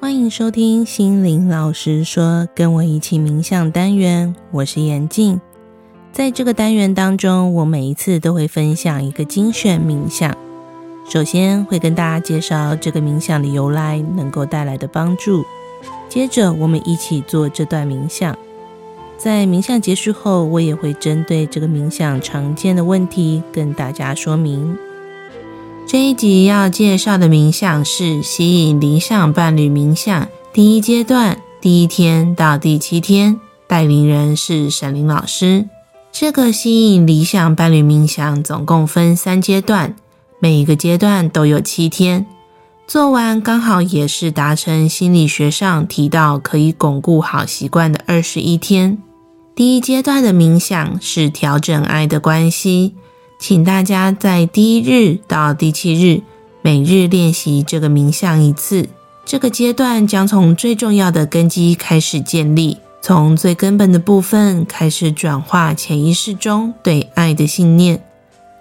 歡迎收聽心靈老師說，跟我一起冥想單元。我是妍靜，在這個單元當中，我每一次都會分享一個精選冥想。首先會跟大家介紹這個冥想的由來，能夠帶來的幫助。接着我們一起做這段冥想，在冥想結束後，我也會針對這個冥想常見的問題跟大家說明。這一集要介紹的冥想是吸引理想伴侶冥想，第一階段第一天到第七天，帶領人是沈伶老師。這個吸引理想伴侶冥想總共分三階段，每一個階段都有七天，做完剛好也是達成心理學上提到，可以鞏固好習慣的二十一天。第一階段的冥想是調整愛的關係。請大家在第一日到第七日，每日練習這個冥想一次。這個階段將從最重要的根基開始建立，從最根本的部分開始轉化潛意識中對愛的信念。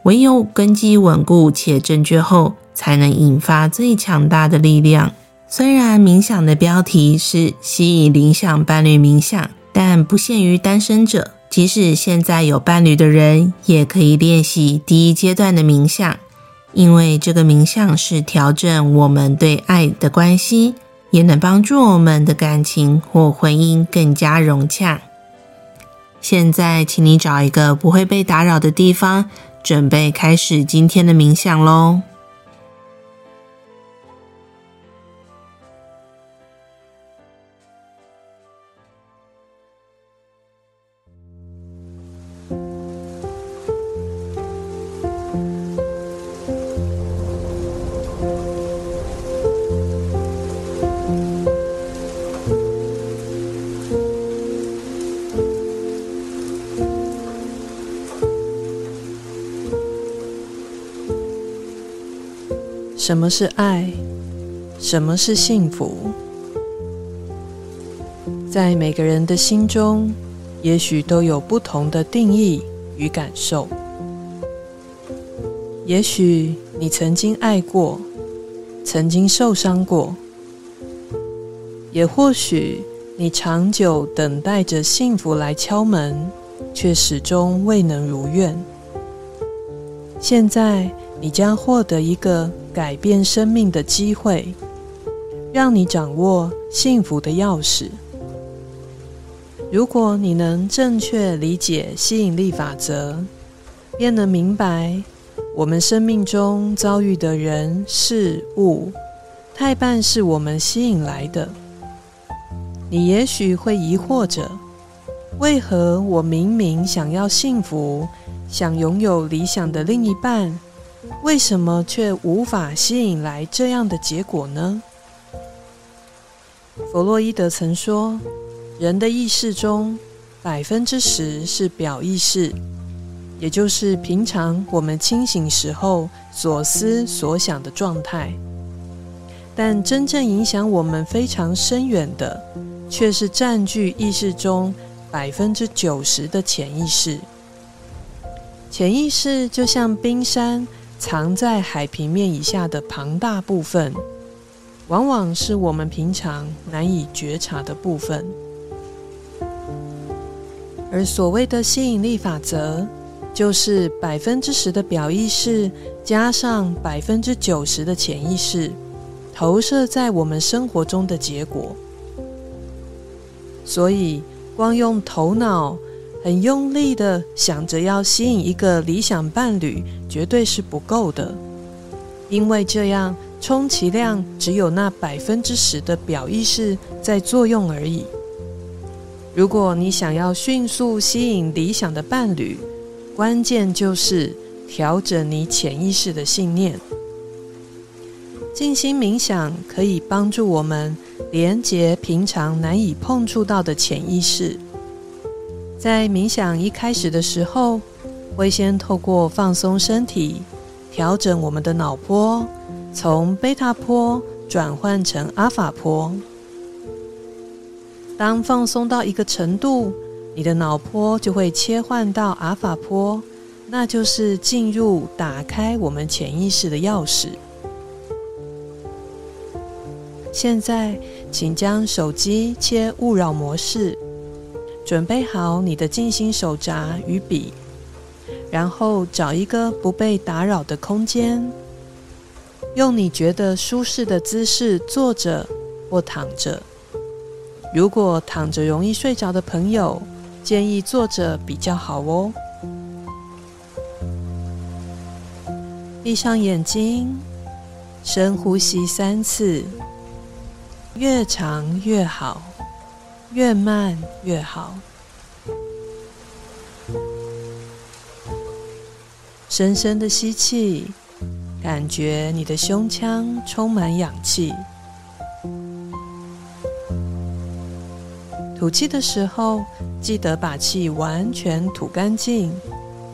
唯有根基穩固且正確後，才能引發最強大的力量。雖然冥想的標題是吸引理想伴侶冥想，但不限於單身者。即使現在有伴侶的人，也可以練習第一階段的冥想，因為這個冥想是調整我們對愛的關係，也能幫助我們的感情或婚姻更加融洽。現在，請你找一個不會被打擾的地方，準備開始今天的冥想嘍。什麼是愛？什麼是幸福？在每個人的心中，也許都有不同的定義與感受。也許你曾經愛過，曾經受傷過，也或許你長久等待着幸福來敲門，卻始終未能如願。現在，你將獲得一個改變生命的機會，讓你掌握幸福的鑰匙。如果你能正確理解吸引力法則，便能明白，我們生命中遭遇的人事物，泰半是我們吸引來的。你也許會疑惑着：為何我明明想要幸福，想擁有理想的另一半？為什麼卻無法吸引來這樣的結果呢？弗洛伊德曾說，人的意識中百分之十是表意識，也就是平常我們清醒時候所思所想的狀態。但真正影響我們非常深遠的，卻是佔據意識中百分之九十的潛意識。潛意識就像冰山。藏在海平面以下的龐大部分，往往是我們平常難以覺察的部分。而所謂的吸引力法則，就是百分之十的表意識加上百分之九十的潛意識，投射在我們生活中的結果。所以，光用頭腦，很用力地想着要吸引一個理想伴侶，絕對是不夠的，因為這樣充其量只有那百分之十的表意識在作用而已。如果你想要迅速吸引理想的伴侶，關鍵就是調整你潛意識的信念。靜心冥想可以幫助我們連結平常難以碰觸到的潛意識。在冥想一開始的時候，會先透過放鬆身體，調整我們的腦波，從貝塔波轉換成阿法波。當放鬆到一個程度，你的腦波就會切換到阿法波，那就是進入打開我們潛意識的鑰匙。現在，請將手機切勿擾模式。準備好你的靜心手札與筆，然後找一個不被打擾的空間，用你覺得舒適的姿勢坐着或躺着。如果躺着容易睡着的朋友，建議坐着比較好哦。閉上眼睛，深呼吸三次，越長越好。越慢越好。深深的吸氣，感覺你的胸腔充滿氧氣。吐氣的時候，記得把氣完全吐乾淨，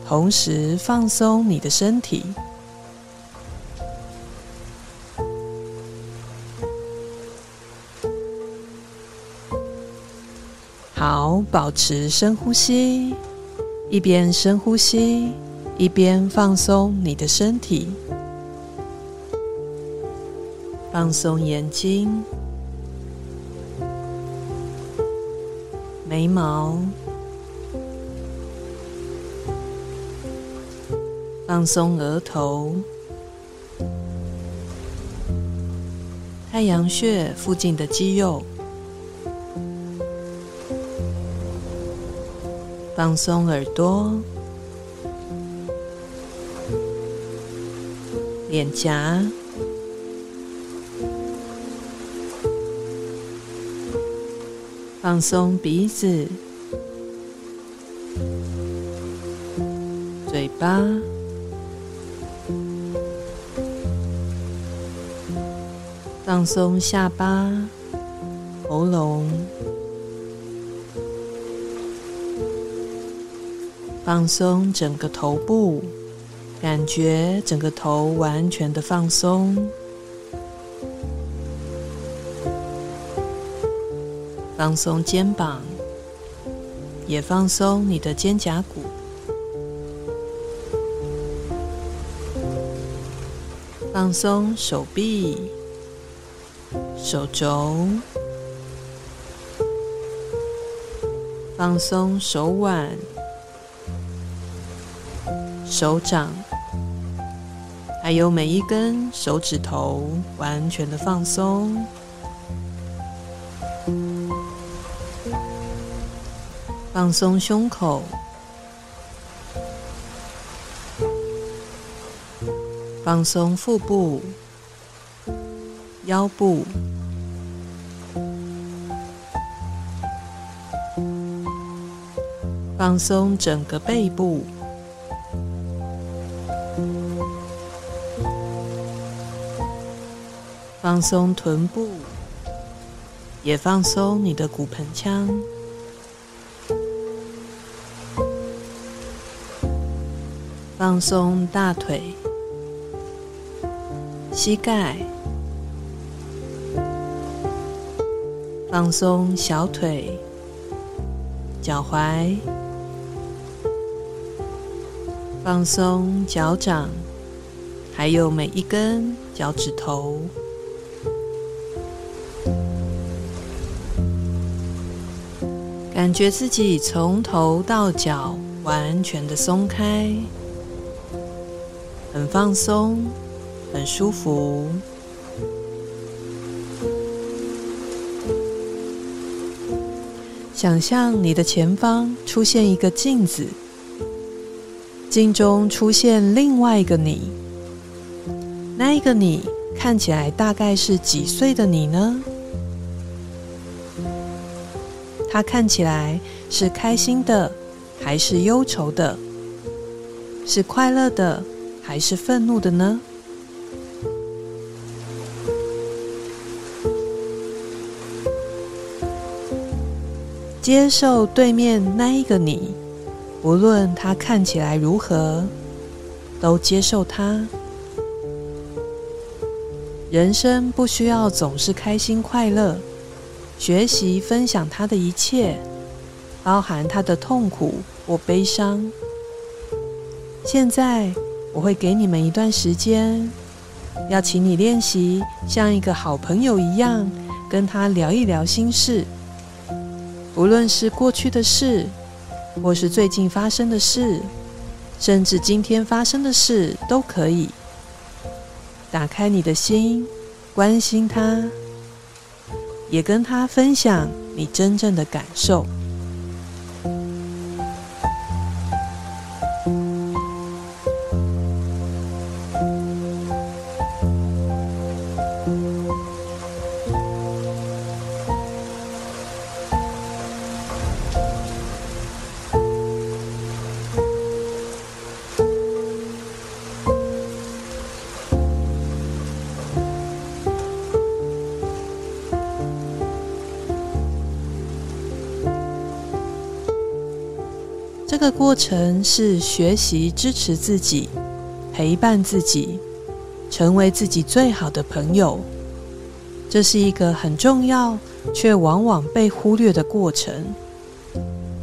同時放鬆你的身體。保持深呼吸，一邊深呼吸，一邊放鬆你的身體，放鬆眼睛、眉毛，放鬆額頭、太陽穴附近的肌肉。放鬆耳朵，臉頰，放鬆鼻子，嘴巴，放鬆下巴，喉嚨。放鬆整個頭部，感覺整個頭完全的放鬆。放鬆肩膀，也放鬆你的肩胛骨。放鬆手臂、手肘，放鬆手腕。手掌，還有每一根手指頭，完全的放鬆，放鬆胸口，放鬆腹部、腰部，放鬆整個背部。放鬆臀部，也放鬆你的骨盆腔；放鬆大腿、膝蓋；放鬆小腿、腳踝；放鬆腳掌，還有每一根腳趾頭。感覺自己從頭到腳完全的鬆開，很放鬆，很舒服。想象你的前方出現一個鏡子，鏡中出現另外一個你。那一個你看起來大概是幾歲的你呢？他看起來是開心的，還是憂愁的？是快樂的，還是憤怒的呢？接受對面那一個你，無論他看起來如何，都接受他。人生不需要總是開心快樂。學習分享他的一切，包含他的痛苦或悲傷。現在我會給你們一段時間，要請你練習像一個好朋友一樣跟他聊一聊心事，不論是過去的事，或是最近發生的事，甚至今天發生的事都可以。打開你的心，關心他。也跟他分享你真正的感受。這個過程是學習支持自己、陪伴自己，成為自己最好的朋友。這是一個很重要卻往往被忽略的過程。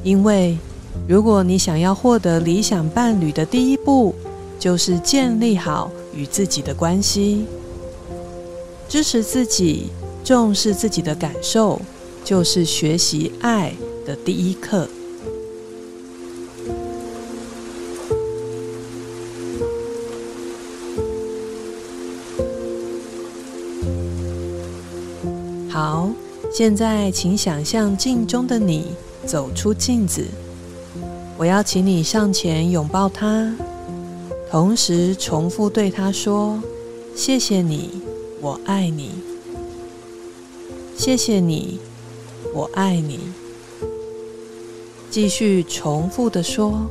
因為，如果你想要獲得理想伴侶的第一步，就是建立好與自己的關係。支持自己、重視自己的感受，就是學習愛的第一課。現在，請想象鏡中的你走出鏡子。我要請你上前擁抱他，同時重複對他說：“謝謝你，我愛你。”謝謝你，我愛你。繼續重複的說。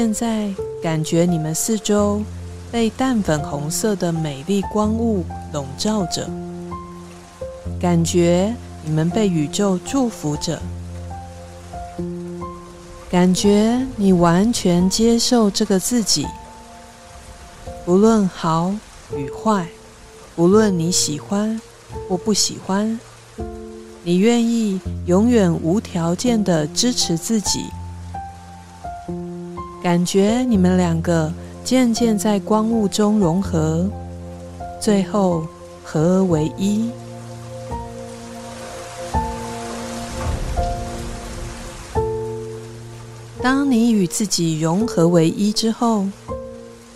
現在感覺你們四周被淡粉紅色的美麗光霧籠罩着，感覺你們被宇宙祝福着，感覺你完全接受這個自己，不論好與壞，不論你喜歡或不喜歡，你願意永遠無條件的支持自己。感覺你們兩個漸漸在光霧中融合，最後合而為一。當你與自己融合為一之後，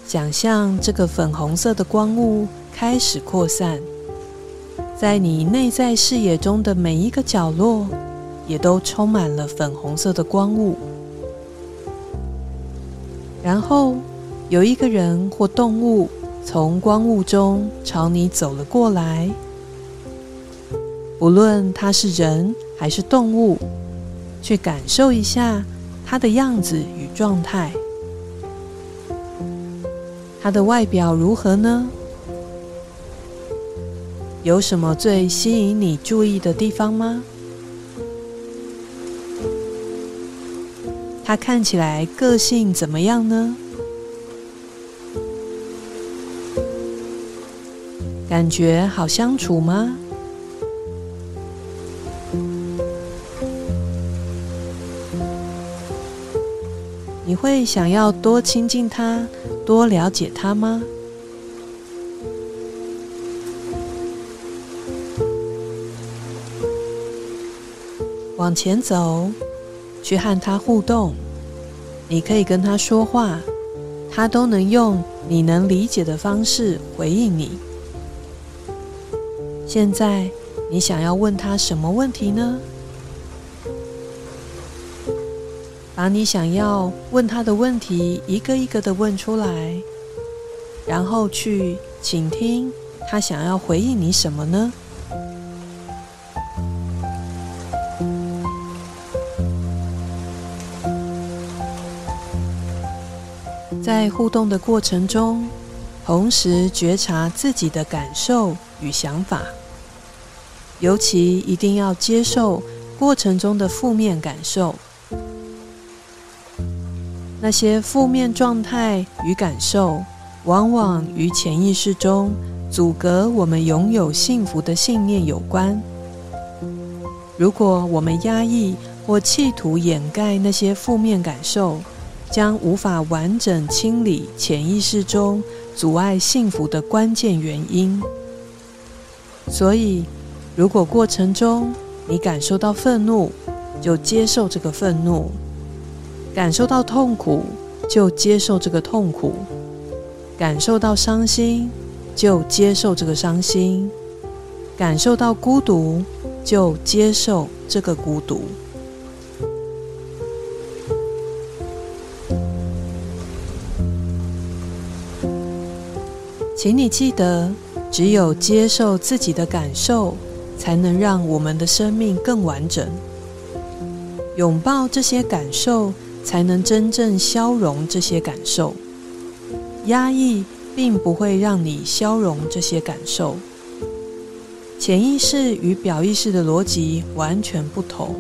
想象這個粉紅色的光霧開始擴散，在你內在視野中的每一個角落，也都充滿了粉紅色的光霧。然後，有一個人或動物從光霧中朝你走了過來。不論他是人還是動物，去感受一下他的樣子與狀態。他的外表如何呢？有什麼最吸引你注意的地方嗎？他看起來個性怎麼樣呢？感覺好相處嗎？你會想要多親近他、多了解他嗎？往前走。去和他互動，你可以跟他說話，他都能用你能理解的方式回應你。現在，你想要問他什麼問題呢？把你想要問他的問題一個一個的問出來，然後去傾聽他想要回應你什麼呢？在互動的過程中，同時覺察自己的感受與想法，尤其一定要接受過程中的負面感受。那些負面狀態與感受，往往與潛意識中阻隔我們擁有幸福的信念有關。如果我們壓抑或企圖掩蓋那些負面感受，將無法完整清理潛意識中阻礙幸福的關鍵原因。所以，如果過程中你感受到憤怒，就接受這個憤怒；感受到痛苦，就接受這個痛苦；感受到傷心，就接受這個傷心；感受到孤獨，就接受這個孤獨。請你記得，只有接受自己的感受，才能讓我們的生命更完整。擁抱這些感受，才能真正消融這些感受。壓抑並不會讓你消融這些感受。潛意識與表意識的邏輯完全不同，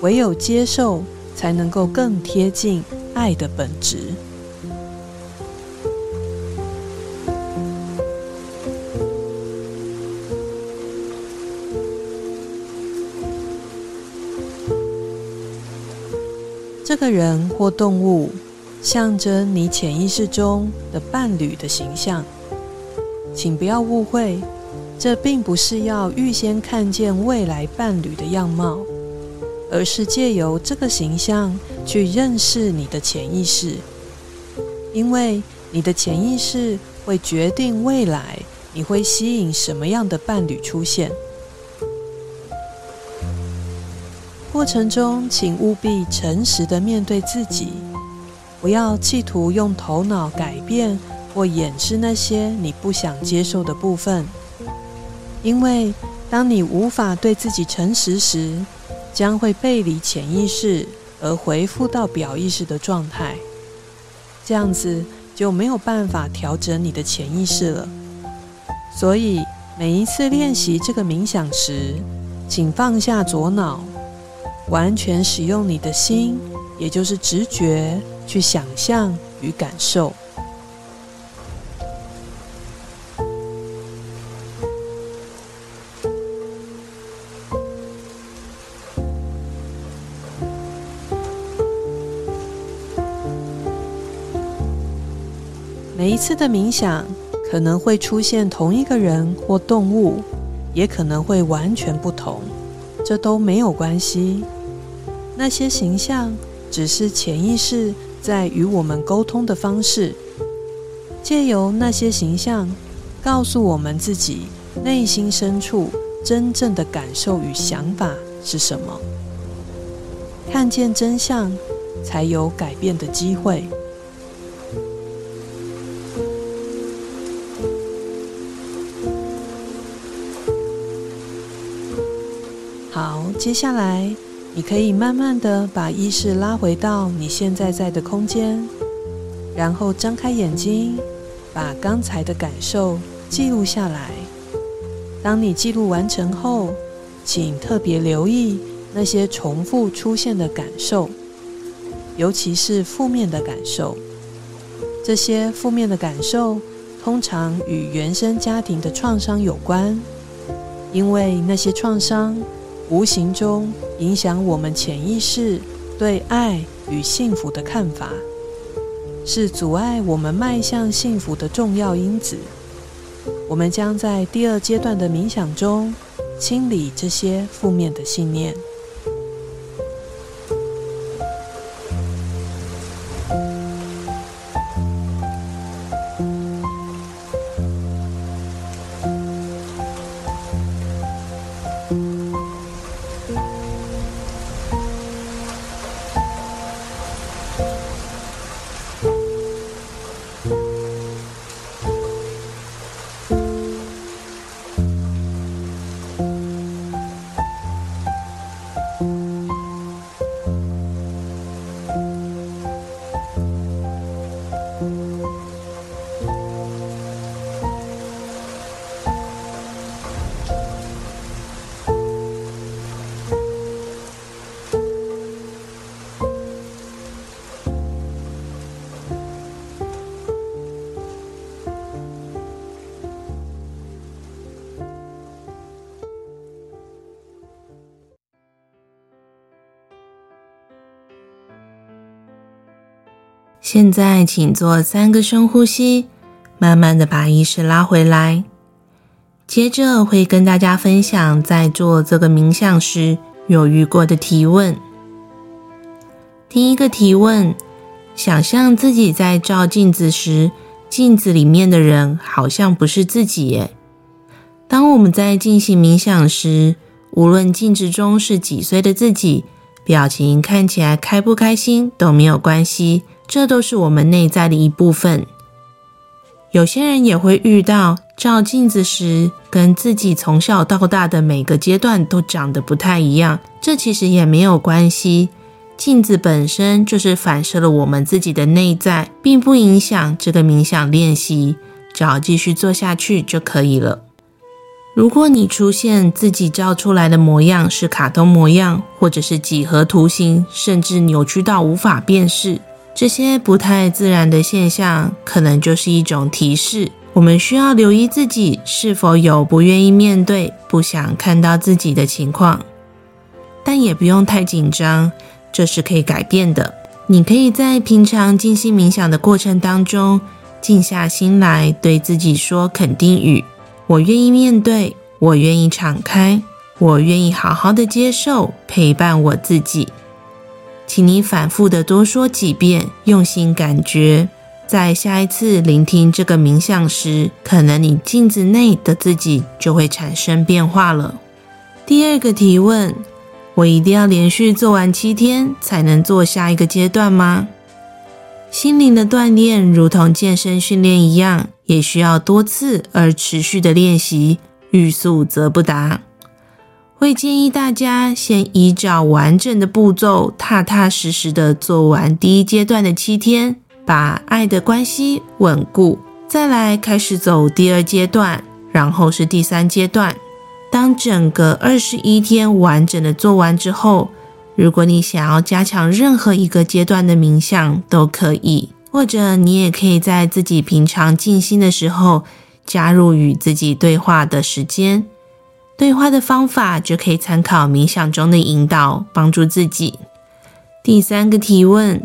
唯有接受，才能夠更貼近愛的本質。這個人或動物，象徵你潛意識中的伴侶的形象。請不要誤會，這並不是要預先看見未來伴侶的樣貌，而是借由這個形象去認識你的潛意識，因為你的潛意識會決定未來你會吸引什麼樣的伴侶出現。過程中，請務必誠實地面對自己，不要企圖用頭腦改變或掩飾那些你不想接受的部分。因為當你無法對自己誠實時，將會背離潛意識而回復到表意識的狀態，這樣子就沒有辦法調整你的潛意識了。所以，每一次練習這個冥想時，請放下左腦。完全使用你的心，也就是直覺去想象與感受。每一次的冥想可能會出現同一個人或動物，也可能會完全不同，這都沒有關係。那些形象只是潛意識在與我們溝通的方式，借由那些形象，告訴我們自己內心深處真正的感受與想法是什麼。看見真相，才有改變的機會。好，接下來。你可以慢慢地把意識拉回到你現在在的空間，然後張開眼睛，把剛才的感受記錄下來。當你記錄完成後，請特別留意那些重複出現的感受，尤其是負面的感受。這些負面的感受通常與原生家庭的創傷有關，因為那些創傷。無形中影響我們潛意識對愛與幸福的看法，是阻礙我們邁向幸福的重要因子。我們將在第二階段的冥想中清理這些負面的信念。現在，請做三個深呼吸，慢慢的把意識拉回來。接着會跟大家分享在做這個冥想時有遇過的提問。第一個提問：想象自己在照鏡子時，鏡子裡面的人好像不是自己耶。當我們在進行冥想時，無論鏡子中是幾歲的自己，表情看起來開不開心都沒有關係。這都是我們內在的一部分。有些人也會遇到照鏡子時，跟自己從小到大的每個階段都長得不太一樣。這其實也沒有關係，鏡子本身就是反射了我們自己的內在，並不影響這個冥想練習，只要繼續做下去就可以了。如果你出現自己照出來的模樣是卡通模樣，或者是幾何圖形，甚至扭曲到無法辨識。這些不太自然的現象，可能就是一種提示我們需要留意自己是否有不願意面對、不想看到自己的情況。但也不用太緊張，這是可以改變的。你可以在平常靜心冥想的過程當中，靜下心來，對自己說肯定語：我願意面對，我願意敞開，我願意好好的接受，陪伴我自己。請你反覆的多說幾遍，用心感覺，在下一次聆聽這個冥想時，可能你鏡子內的自己就會產生變化了。第二個提問，我一定要連續做完七天才能做下一個階段嗎？心靈的鍛鍊如同健身訓練一樣，也需要多次而持續的練習，欲速則不達。會建議大家先依照完整的步驟，踏踏實實的做完第一階段的七天，把愛的關係穩固，再來開始走第二階段，然後是第三階段。當整個二十一天完整的做完之後，如果你想要加強任何一個階段的冥想，都可以；或者你也可以在自己平常靜心的時候，加入與自己對話的時間。對話的方法就可以參考冥想中的引導，幫助自己。第三個提問：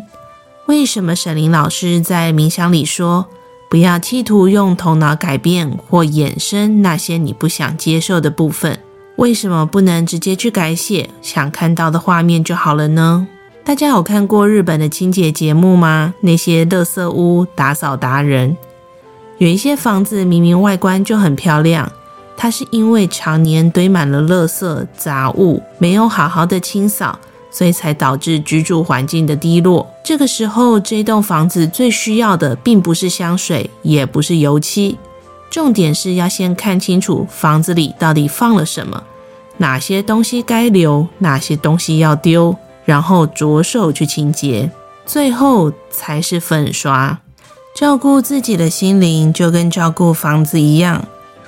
為什麼沈伶老師在冥想裡說，不要企圖用頭腦改變或掩飾那些你不想接受的部分？為什麼不能直接去改寫想看到的畫面就好了呢？大家有看過日本的清潔節目嗎？那些垃圾屋打掃達人，有一些房子明明外觀就很漂亮。它是因為常年堆滿了垃圾雜物，沒有好好的清掃，所以才導致居住環境的低落。這個時候，這棟房子最需要的並不是香水，也不是油漆，重點是要先看清楚房子裡到底放了什麼，哪些東西該留，哪些東西要丟，然後着手去清潔，最後才是粉刷。照顧自己的心靈，就跟照顧房子一樣。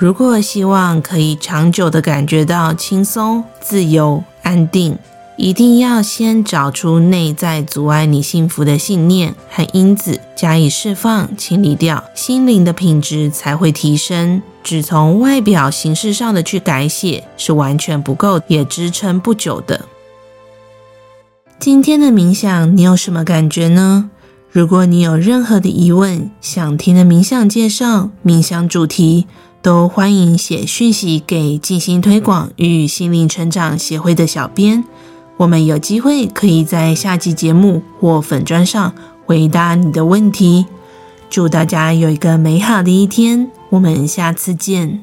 如果希望可以長久的感覺到輕鬆、自由、安定，一定要先找出內在阻礙你幸福的信念和因子，加以釋放、清理掉，心靈的品質才會提升。只從外表形式上的去改寫是完全不夠，也支撐不久的。今天的冥想你有什麼感覺呢？如果你有任何的疑問，想聽的冥想介紹、冥想主題。都歡迎寫訊息給靜心推廣與心靈成長協會的小編，我們有機會可以在下期節目或粉專上回答你的問題。祝大家有一個美好的一天，我們下次見。